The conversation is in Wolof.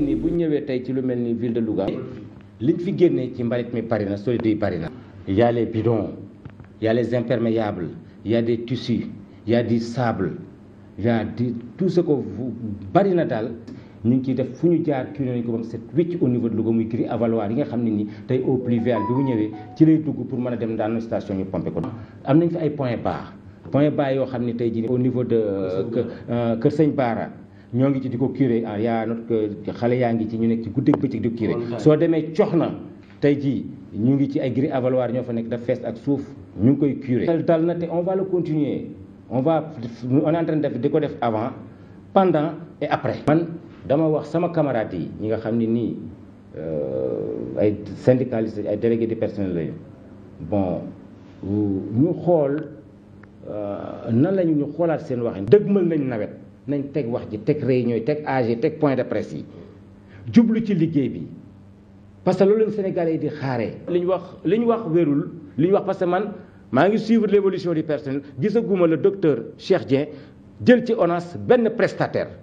nii bu ñëwee tey ci lu mel ni ville de Louga liñ fi génnee ci mbalit mi bari na solide yi bari na y a les les imperméables y des tissus y a du sable y a du tout ce bari na daal ñu ngi ciy def fu ñu jaar kii nañ ko ba mu set wécc au niveau de Louga muy gris avaloir yi nga xam ne nii tey eau pluviale bi bu ñëwee ci lay dugg pour mën a dem daan station ñu pompé ko. am nañ fi ay point bas point bas yoo xam ne tey jii au niveau de euh, euh, Kër Sëñ Baara. ñoo ngi ci di ko curé ah yaa not que xale yaa ngi ci ñu nekk ci guddeeg bëccëg di ko curé soo demee cox na tey jii ñu ngi ci ay gris avaloir ñoo fa nekk daf fees ak suuf ñu ngi koy curé dal na te on va le continuer on va on est en train de di ko def avant pendant et après man dama wax sama camarades yi ñi nga xam ne nii euh, ay syndicalistes ay délégués de personnel lañu bon ñu xool euh, nan lañu ñu xoolaat seen wax waxin mën nañ nawet nañ teg wax ji teg réunion yi teg AG teg point de presse yi jublu ci liggéey bi parce que loolu la Sénégalais yi di xaare li ñu wax li ñu wax wérul li ñu wax parce que man maa ngi suivre l' évolution du personnel gisaguma la docteur Cheikh Dieng jël ci ONAS benn prestataire.